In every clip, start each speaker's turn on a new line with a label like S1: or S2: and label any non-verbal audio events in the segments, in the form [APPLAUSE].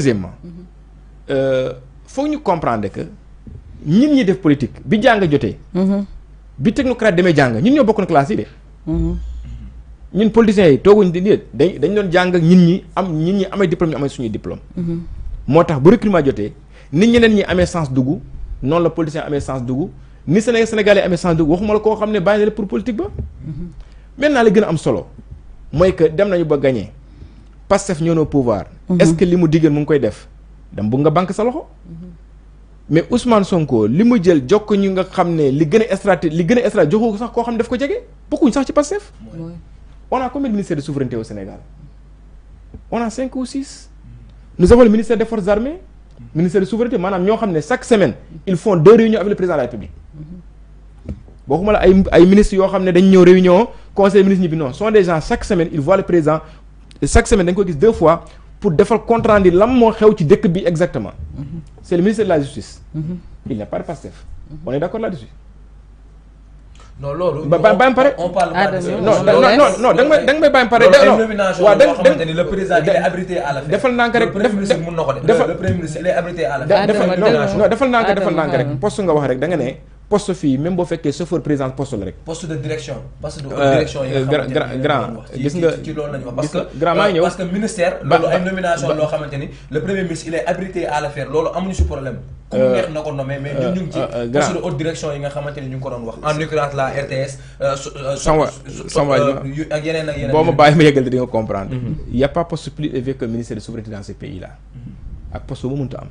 S1: deuxièmement euh, foog ñu comprendre que ñin ñi def politique bi jàng jotee. Mhm. bi technocrate demee jàng ñun ñoo bokkoon classe yi de. Mhm. ñun politiciens yi tooguñ di dañ dañ doon jàng ak ñin ñi am ñin ñi amee diplôme ñu amee suñuy diplôme. Mhm. moo tax bu recrutement jotee nit ñeneen ñi amee sens dugg noonu la politicien amee sens dugg ni Sénégal sénégalais amee sens dugg waxuma la koo xam ne bàyyi na la pour politique ba. maintenant li gën a am solo mooy que dem nañu ba gagné. Pastef de na pouvoir. Mhm. est-ce que li mu diggéen mu ngi def banque sa mhm. mais Ousmane Sonko li mu jël jokk ñu nga xam ne li gën a stratégie li gën a stratégie joxu sax koo xam ne daf ko jege on a combien de ministères de souveraineté au Sénégal on a cinq ou six. nous avons le ministère des forces armées. ministère de souveraineté Maintenant, nous xam chaque semaine ils font deux réunions avec le président de la République boo mhm. xuma ay ministres qui ont des dañ réunion conseil ministre ministres, non sont des gens chaque semaine ils voient le président et chaque semaine deux fois pour défendre contre rendu l'amour qui xew exactement mhm. c'est le ministre de la justice mhm. il n'y a pas de pasteur mhm. on est d'accord là-dessus non on parle pas ah, de non non non non non non non non non non le président non est non à la non le non non non est non à non non non non non non non poste fii même boo fekkee chauffeur présence poste la rek. poste de direction. poste de euh, direction yi grand gis nga ci wax. parce que grand parce que ministère. loolu ay nomination lo xamanteni le premier ministre il est habilité à la faire loolu amuñu ci problème. comme euh, neex na nommé mais ñun ñu ci. Euh, poste de haute direction yi nga xamanteni ñu ko doon wax. en l'occurrence la RTS. Sanwa Sanwa ak yeneen ak yeneen. boo ma bàyyi ma yeggal di nga comprendre. Mhm. y' a pas poste plus élevé que ministère de souveraineté dans ce pays là. Mhm. ak poste bu mënta am.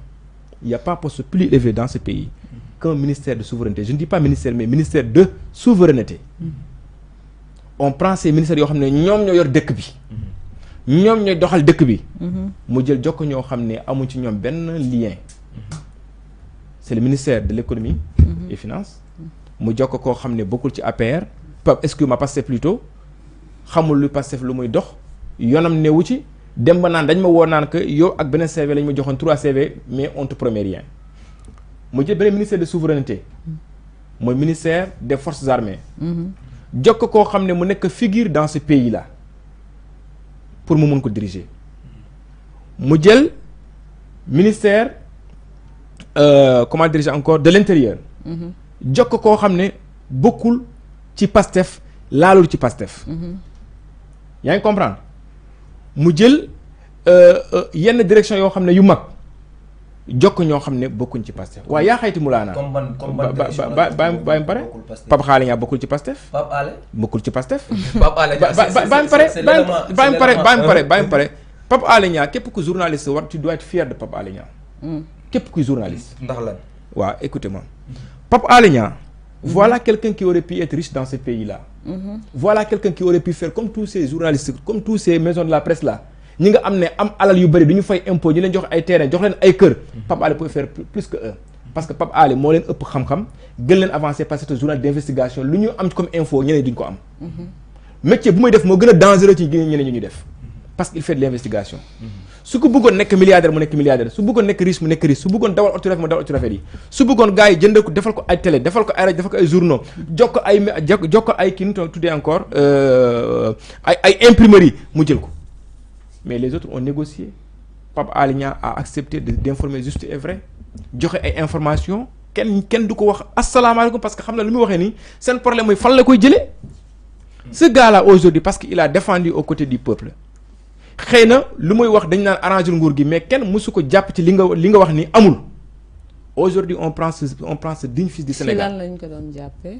S1: y' a pas poste plus élevé dans ce pays ministère de souveraineté. Je ne dis pas ministère, mais ministère de souveraineté. Mm-hmm. On prend ces ministères qui ont été en bi. Mm-hmm. de mm-hmm. se le ministère de l'économie et finance. mu jokk beaucoup de APR. est-ce que ma passé plutôt xamul lu lu muy dox newu ci que CV mais on te promet rien. Je suis le ministère de souveraineté le ministère des forces armées
S2: Je
S1: koo xam ne mu figure dans ce pays là pour mu je ko diriger mu le ministère euh, comment encore de l'intérieur Je koo xam ne bokkul ci pastef laalul ci pastef yaa ngi comprendre mu jël euh, euh, yenn direction qui xam yu jokk ñoo xam ne bokkuñ ci Pastef waaye yaa xayti a ba ba ba pare Pape Alé Niang bokkul ci Pastef bokkul ci Pastef [LAUGHS] ba ba pare ba pare ba pare ba pare Pape Alé Niang képp ku journaliste war tu dois être fier de pap Alé Niang hmm. képp kuy journaliste ndax lan waaw écoutez-moi Pap Alé voilà quelqu'un qui aurait pu être riche dans ce pays-là hmm. voilà quelqu'un qui aurait pu faire comme tous ces journalistes comme tous ces maisons de la presse là ñi nga am alal yu fay impôt ñu leen jox ay peut faire plus que eux parce que papa Ali leen ëpp xam-xam parce que journal d'investigation lu ñu am comme info duñ métier dangereux ci ñu parce qu'il fait de l'investigation su ko bëggoon nekk milliardaire mu milliardaire su bëggoon nekk riche mu nekk riche su bëggoon dawal rafet dawal yi su defal ko ay télé defal ko ay defal ko encore euh, mais les autres ont négocié Pape Aligna a accepté d'informer juste et vrai joxe ay information kenn kenn du ko wax alaikum » parce que xam na lu muy problème Il fan la koy ce gars-là aujourd'hui parce qu'il a défendu aux côtés du peuple Xeyna na lu muy wax dañ naan arrangé nguur gi mais kenn mësu ko jàpp ci li nga li nga wax ni amul aujourd'hui on prend ce on prend ce digne fils du Sénégal. ci
S3: lan lañ ko doon jàppee.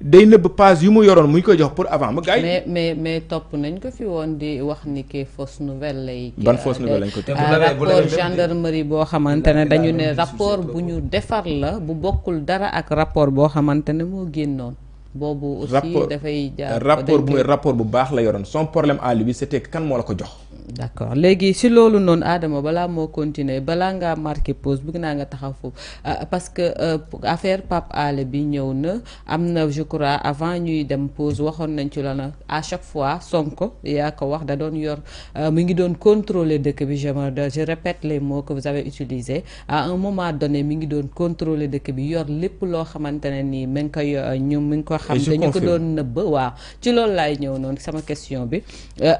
S1: day nëbb pass yu mu yoroon mu ñu koy jox pour avant ma gars yi.
S3: mais topp nañ ko fi woon di wax ni que fausse nouvelle lay. ban fausse euh, nouvelle lañ ko tey rapport gendarmerie boo xamante ne dañu ne rapport bu ñu defar la bu bokkul dara ak rapport boo xamante ne moo génnoon. boobu aussi dafay jaar rapport bu
S1: rapport bu baax la yoroon son problème à lui c'était kan moo la ko jox. d'accord léegi si loolu non Adama bala mo
S3: continuer bala nga marqué pause bëgg nga taxaw euh, parce que euh, affaire Pape ale bi ñew na amna je crois avant ñuy dem pause waxon nañ ci la à chaque fois Sonko ya ko wax da doon yor euh, mu ngi doon contrôler dëkk bi je je répète les mots que vous avez utilisés à un moment donné mi ngi doon contrôler dëkk bi yor lepp lo xamantene ni nii mi ngi koy ñu mi ngi ko xam dañu ko doon neub wa ci loolu lay ñew non sama question bi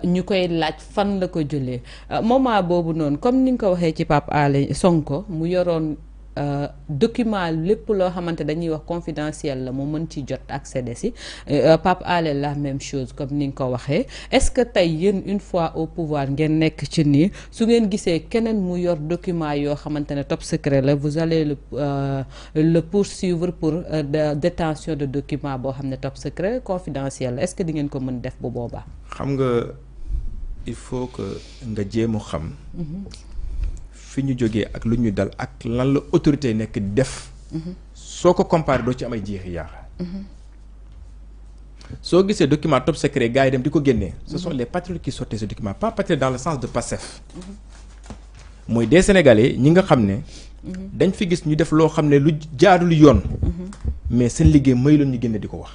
S3: ñukoy laaj fan la ko jullee euh, moment boobu noonu comme ni nga ko waxee ci Pape Alé Sonko mu yoroon euh, document lépp loo xamante dañuy wax confidentiel la mu mën ci jot accéder si euh, Pape ale la même chose comme ni nga ko waxee est-ce que tey yéen une fois au pouvoir ngeen nekk ci nii su ngeen gisee keneen mu yor document yoo xamante ne top secret la vous allez le le poursuivre pour détention de document boo xam ne top secret confidentiel la est-ce que di ngeen ko mën def bu boobaa.
S1: il faut que nga djému xam. fi ñu jógee ak luñu dal ak lan la autorité nek def. soo ko comparé doo ci am ay jeexi yaaxa so gissé document top secret gaay dem diko ko ce sont les patrouilles qui sortaient ce document pas patrouille dans le sens de Pastef. moy des sénégalais ñi nga xam ne. dañ fi gis ñu def lo xamné lu jaadul yoon. mais seen liggéey may loon ñu génne di ko wax.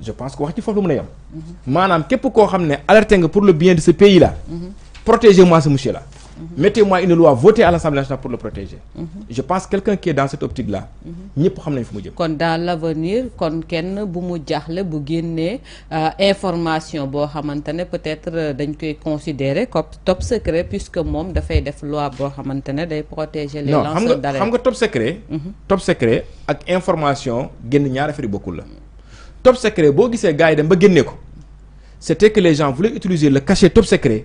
S1: je pense que c'est ce foofu la mën a yem. que képp koo xam alerté pour le bien de ce pays là. protégez-moi ce monsieur là. mettez-moi une loi votée à l'Assemblée nationale pour le protéger. je pense quelqu'un qui est dans cette optique là. il pas nañ fu mu
S3: dans l'avenir kon qui bu mu jaaxle bu génnee euh, information boo peut-être euh, dañ koy considérer comme top secret puisque moom dafay def loi boo xamante pour protéger.
S2: les lanceurs d'alerte non xam nga
S1: que top secret. Mhm. top secret ak information génn ñaar affaire beaucoup là top secret c'était que les gens voulaient utiliser le cachet top secret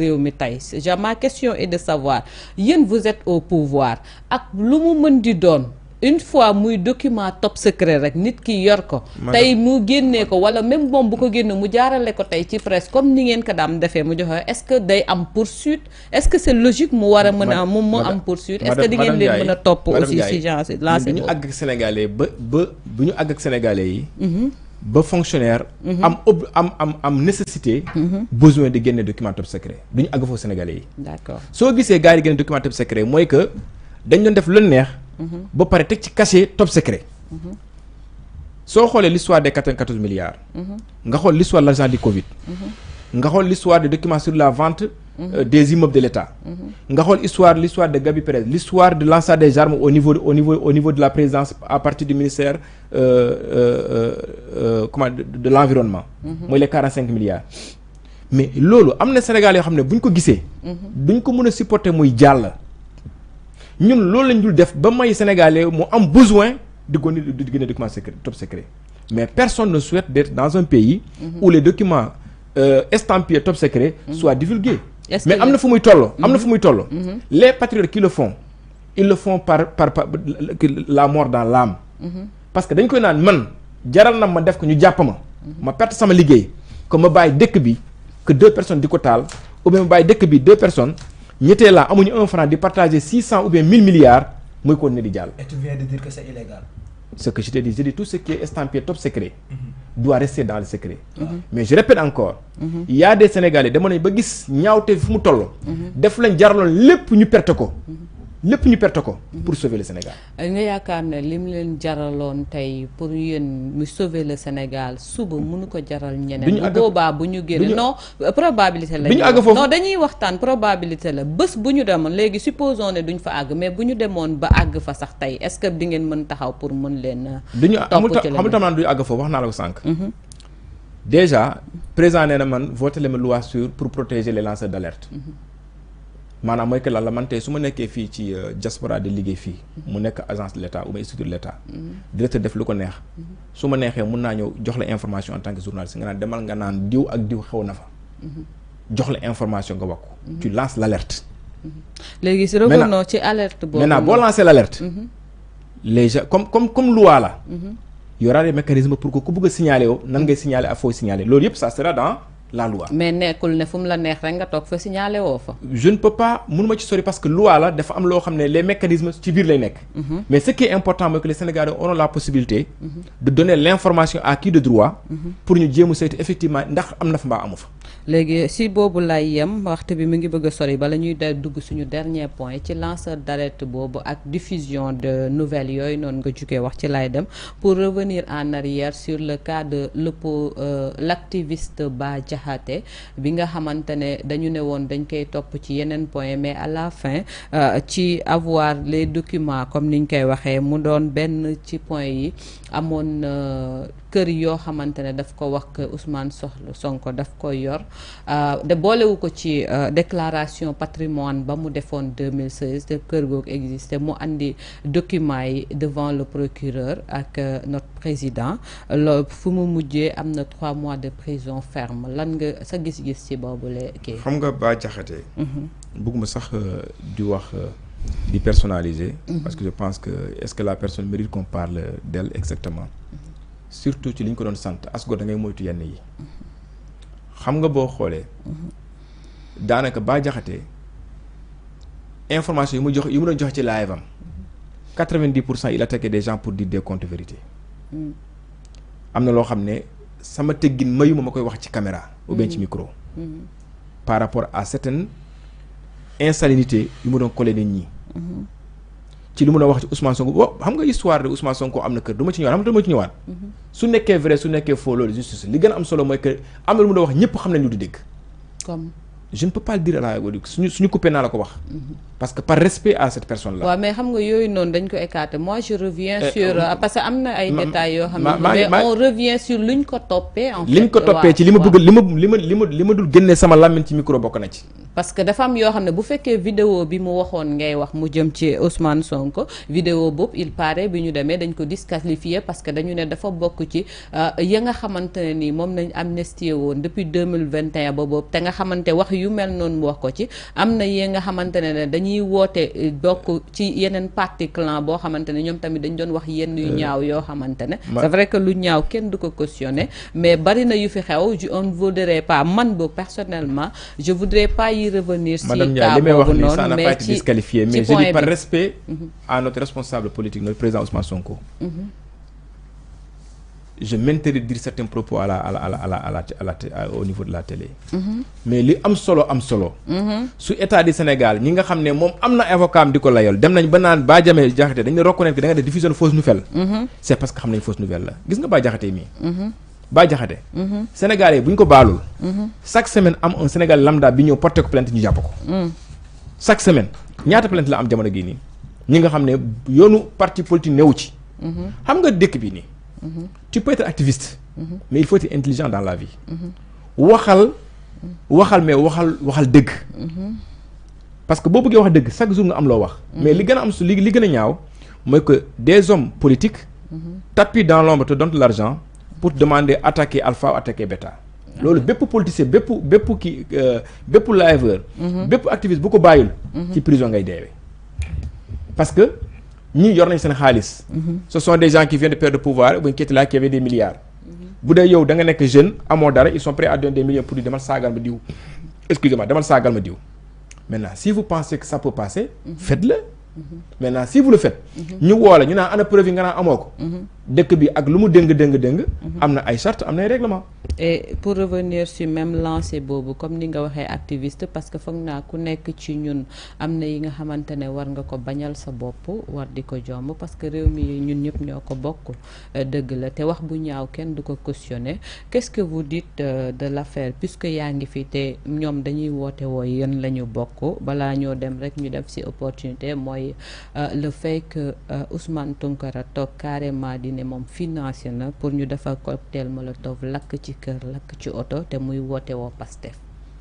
S3: réew mi tey ma question est de savoir yéen vous êtes au pouvoir ak lu mu meun di doon une fois muy document top secret rek nit ki yor ko. tay mu génnee ko wala même moom bu ko génne mu jaarale ko tay ci presse comme ni ngeen ko dam defee mu joxe est-ce que day am poursuite est-ce que c'est logique mu wara a mën mo am poursuite est-ce que di ngeen leen meuna top aussi si genre lancé ñu àgg
S1: ak sénégalais ba ba bu ñu ak sénégalais yi. hmm ba fonctionnaires mhm. am am am nécessité. Mhm. besoin de des documents top secret du sont àgg sénégalais d'accord so gisee gars yi des documents top secret moy que dañ doon def lu neex. Mhm. ba paré teg ci top secret. so xolé l'histoire des 14 milliards. nga xol l'histoire de l'argent du Covid. nga xol l'histoire des documents sur la vente. Euh, des immeubles de l'État. l'histoire de Gabi Pérez l'histoire de lancer des armes au niveau au niveau au niveau de la présidence à partir du ministère euh, euh, de, l'environnement. mooy les 45 milliards. mais lolo, am Sénégal ne ko ko supporter muy jàll. ñun loolu lañ dul sénégalais mu am besoin de donner de documents, secrets top secret mais personne ne souhaite d'être dans un pays. où les documents estampillés top secret mm-hmm. soient divulgués mais amna fumuy tollo, amna mhm. fumuy tollo. Mhm. les patriotes qui le font ils le font par par, par la mort dans l'âme mhm. parce que dañ koy naan man jaral na ma def ko ñu jàpp ma ma perte sama liggéey que ma bàyyi dëkk bi que deux personnes diko taal ou bien ma dekk bi deux personnes ñété la amuñu un franc di partager six ou bien mille milliards ko continuer di jall. et tu viens de dire que c'est illégal. ce que je te dis je dis tout ce qui est estampillé top secret. Mm -hmm doit rester dans le secret. Mhm. mais je répète encore. Mhm. il y a des sénégalais des ne ba ñaawte mhm. def lañ qui ont ñu ñu pour sauver le Sénégal.
S3: nga yaakaar lim leen jaraloon tey pour mu sauver le Sénégal suba mënu ko jaral ñeneen. du non probabilité la. non dañuy waxtaan probabilité la bés bu ñu demoon supposons ne duñ fa mais bu ñu ba àgg fa sax est-ce que di ngeen mën taxaw pour mën leen. Euh,
S1: duñu amul amul tam àgg mhm. déjà président man voté le loi sur pour protéger les lanceurs d'alerte. Mhm. maanaam mooy que lan la man tey su ma nekkee fii ci euh, diaspora di liggéey fii mu nekk agence de l' état ou bien structure de mm-hmm. directeur def lu ko neex mm-hmm. su ma neexee mun naa ñëw jox la information en tant que journaliste nga naan demal nga naan diw ak diw xew na fa mm-hmm. jox la information nga wakku tu lances l' alerte
S3: léegi si revenons ci alerte boobu naa boo lancé l' alerte
S1: les gens comme comme comme loi la y aura des mécanismes pour que ku bëgg a signaler yow nan ngay signaler loolu yëpp ça sera la loi.
S3: mais nekkul ne fum la neex rek nga tok fa signaler wo fa.
S1: je ne peux pas mënuma ci sori parce que loi la dafa am lo xamné les mécanismes ci bir lay mhm. mais ce qui est important c'est que les Sénégalais ont la possibilité. Mhm. de donner l'information à qui de droit. Mhm. pour ñu jéem a effectivement ndax am fa amu
S3: si bobu lay yam
S1: bi dernier point ci lanceur
S3: d'alerte pour ak diffusion de nouvelles yoy pour revenir en arrière sur le cas de euh, l'activiste Bajahate, bi nga nous dañu point mais à la fin euh, avoir les documents comme niñ koy waxé mu doon point euh, kër yoo xamante ne daf ko wax que Ousmane Soxlo Sonko daf ko yor euh, de wu ko ci euh, déclaration patrimoine ba mu defoon 2016 de kër googu existé mu andi documents yi devant le procureur ak euh, notre président lo fu mu mujjee am na trois mois de prison ferme lan nga sa gis-gis ci boobule kii. xam nga Bah Diakhaté. Mhm.
S1: bëgguma sax di wax. di personnaliser. Mhm. Parce que je pense que est-ce que la personne mérite qu'on parle d'elle exactement surtout ci liñ ko doon asgo da ngay moytu yenn yi xam nga boo xoolee daanaka ba information yi mu jox yi mu live am il des gens pour dire des comptes vérité mm. am na loo xam ne sama teggin mayuma ma wax ci caméra ou bien ci mm. micro mm. par rapport à certaines insalinités yu mu doon collé nit ñi mm-hmm. ci li mu Sonko oh, xam histoire de Ousmane su nekkee vrai su nekkee faux loolu justice li gën am solo mooy que am lu mu doon wax ñëpp xam nañ lu di dégg. comme je ne peux pas le dire à la suñu suñu coupé naa la ko wax. Mm-hmm parce que par respect à cette personne là. waaw
S3: mais xam nga yooyu noonu dañ ko écarter moi je reviens euh, sur euh, euh, parce que amna ay détails yo mais on revient sur luñ ko topé en fait liñ ko topé ci lima bëgg lima
S1: ma lima ma dul génnee sama làmmiñ ci micro bokk na ci.
S3: parce que dafa am yo xamné bu féké vidéo bi mu waxone ngay wax mu jëm ci Ousmane Sonko vidéo bop il paraît biñu démé dañ ko disqualifier parce que dañu né dafa bokk ci ya nga xamanténi ni nañ amnistie won depuis 2021 mille vingt et nga xamanté wax yu mel non mu wax ko ci amna ya nga xamanténi né dañuy ñiy woote eh, bokk ci yenen parti clan bo xamantene ñom tamit dañ doon wax yenn yu eh. ñaaw yo xamantene c'est vrai que lu ñaaw kenn du ko cautionner mais bari na yu fi xew on voudrais voudrait pas man bo personnellement je voudrais pas y revenir si mais ci mais je dis par respect
S1: mhm. à notre responsable politique notre président Ousmane Sonko mhm je dire certains propos à la, à la, à la, à la, à la, à la au niveau de la télé. Mm -hmm. mais li am solo am solo. Mm-hmm. su état du Sénégal ñi nga hamne mom, amna am na avocat di ko layol dem nañ ba jame Bah Diame Diakhaté dañ ne reconnaître que da nga diffuser diffusion de fausse nouvelle. Mm-hmm. C'est parce que hamne nañ fausse nouvelle là. gis nga Ba Diakhaté mii. Mm-hmm. Bah Diakhaté. Sénégalais bu ñu ko baalul. chaque semaine am un Sénégal lambda bi ñëw porter ko plainte ñu jàpp ko. Mm. chaque semaine ñaata plainte la am jamono gi ni. ñi nga hamne yonu yoonu parti politique newu ci. xam nga dëkk bi nii tu peux être activiste. Mhm. mais il faut être intelligent dans la vie. Mhm. waxal mhm. waxal mais waxal waxal deg. parce que si tu wax dëgg chaque jour nga am loo wax. mais li qui est am su li li que des hommes politiques. tapis dans l'ombre te donnent de l'argent pour te demander attaquer alpha ou attaquer bêta. loolu bépp politiciens, pour bépp kii euh, bépp liveur. bépp activistes, bu ko bàyyul. ci prison ngay prison parce que. Mm-hmm. ce sont des gens qui viennent de perdre le pouvoir bu là qui avaient des milliards. Si mm-hmm. vous yow da nga jeune ils sont prêts à donner des millions pour vous. demal sagal ma diw. excusez-moi demal ça ma diw maintenant si vous pensez que ça peut passer. Mm-hmm. faites-le. maintenant si vous le faites. nous woo une ñu ana preuve nga na amoko dëkk bi ak lu mu dëng dëng dëng. Mhm. am na ay charte am na ay règlement.
S3: pour revenir ci même lancé boobu comme ni nga waxee activiste parce que foog naa ku nekk ci ñun am na yi nga xamante ne war nga ko bañal sa bopp war di ko jomb parce que réew mi ñun ñëpp ñoo ko bokk euh, dëgg la te wax bu ñaaw kenn du ko cautionner qu'est-ce que vous dites euh, de l'affaire puisque yaa ngi fi te ñoom dañuy woote woo yéen la ñu bokk balaa ñoo dem rek ñu def ci opportunité mooy euh, le fait que Ousmane di ne moom financier na pour ñu defar cocktail molotov lak ci kër lak ci auto té muy woté wo Pastef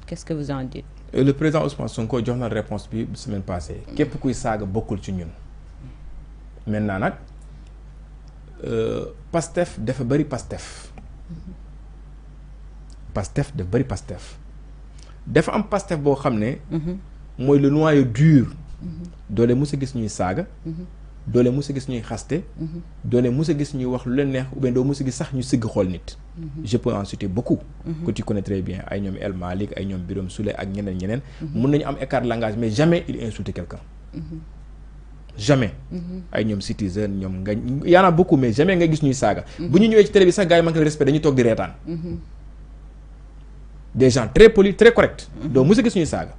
S3: qu'est-ce que vous en dites.
S1: Euh, le président Ousmane Sonko jox na réponse bi semaine passée. Mm. képp kuy saga bokul ci ñun. maintenant euh Pastef dafa bari Pastef. Mm-hmm. Pastef de bari Pastef. dafa am Pastef bo xamné mm-hmm. moy le noyau dur.
S2: Mm-hmm.
S1: doole mos a gis ñuy saaga do le mës gis ñuy xasté mhm. do le mës gis ñuy wax lu leen neex ou bien do mës gis sax ñu sigg xol nit mhm. je peux en citer beaucoup mhm. que tu connais très bien ay ñom El Malik ay ñom Birame Souley ak ñeneen ñeneen mun nañ am écart langage mais jamais il insulte quelqu'un jamais ay ñom citizen ñom nga en a beaucoup mais jamais nga gis ñuy saga bu ñu ñëwee ci télé bi sax gaay yi manque respect dañuy tok di rétane des gens très polis très corrects do mës gis ñuy saga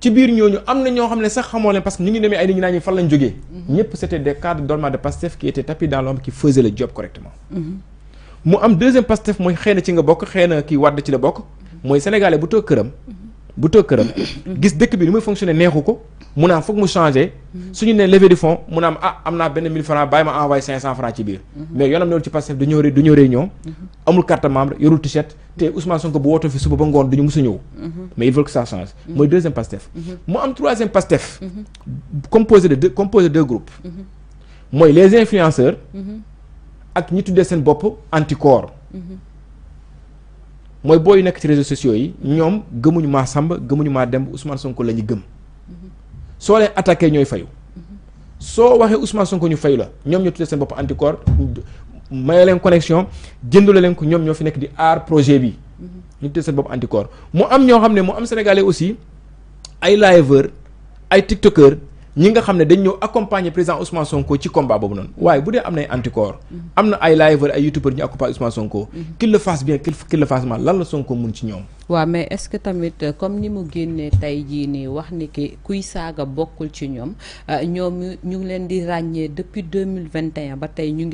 S1: ci biir ñooñu am na ñoo xam ne sax xamoo leen parce que ñu ngi demee ay nit ñi naa ñu fan lañ jógee. Mhm. ñëpp c'était des cadres dormants de Pastef qui était tapis dans l'ombre qui faisait le job correctement. Mhm. mu am deuxième Pastef mooy xëy na ci nga bokk xëy na kii wàdd ci la bokk. Mhm. mooy sénégalais bu toog këram. bu toog këram. gis dëkk bi ni muy fonctionner neexu ko mu naam foog mu changé suñu ne levée de fonds mu naam ah am naa benn 1000 francs bàyyi ma envoyé 500 francs ci biir mhm. mais yoonam newul ci Pastef du ñëw du ñëw réunion mhm. amul carte membre yorul t-shirt te Ousmane Sonko bu wootoo fi suba ba ngoon du ñu mus a ñëw mhm. mais il veut que ça change mooy deuxième Pastef mu am troisième Pastef composé de deux composé de deux groupes mooy les influenceurs ak ñi tuddee seen bopp anticorps mooy booy nekk ci réseaux sociaux yi ñoom gëmuñu maa Samba gëmuñu maa Demba Ousmane Sonko la ñu gëm soo leen attaqué ñooy fayu soo waxee Ousmane Sonko ñu fayu la ñoom ñoo tuddee seen bopp anticorps maye leen connexion jëndule leen ko ñoom ñoo fi nekk di aar projet bi ñu tuddee seen bopp anticorps mu am ñoo xam ne mu am sénégalais aussi ay liveur ay tiktokeur ñi nga xam ne dañ ñëw accompagner président Ousmane Sonko ci combat boobu noonu waaye bu dee am nay anticorps am na ay liveur ay youtubeur ñu accompagner Ousmane Sonko mm-hmm. qu'il le fasse bien qu'il le lan la Sonko mun ci ñoom
S3: wa mais est-ce que tamit euh, comme ni mu nous tey jii nii wax ni ki kuy saga bokkul ci ñom euh, ñom ñu ngi di ragné depuis 2021 ba ñu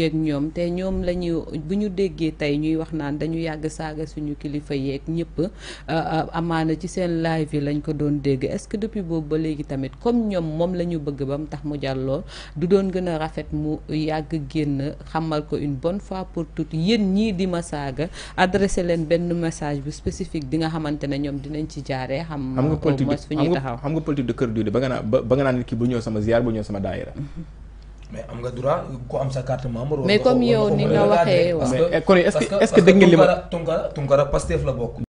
S3: ñuy wax naan dañu suñu kilifa ñëpp euh, live yi lañ ko doon est-ce que depuis vous, ba tamit comme ñom nous lañu bëgg tax mu du doon mu une bonne fois pour toutes di ma saga adressé message spécifique nga xamante ne ñoom dinañ ci jaaree xam xam
S1: nga politique de kër diine ba nga naan ba nga naan nit ki bu ñëw sama ziar bu ñëw sama daayira [LAUGHS] mais am nga droit ku am sa carte membre mais comme yow ni nga waxee waaw parce que est-ce que dégg ngeen Tunkara Tunkara Pastef bokk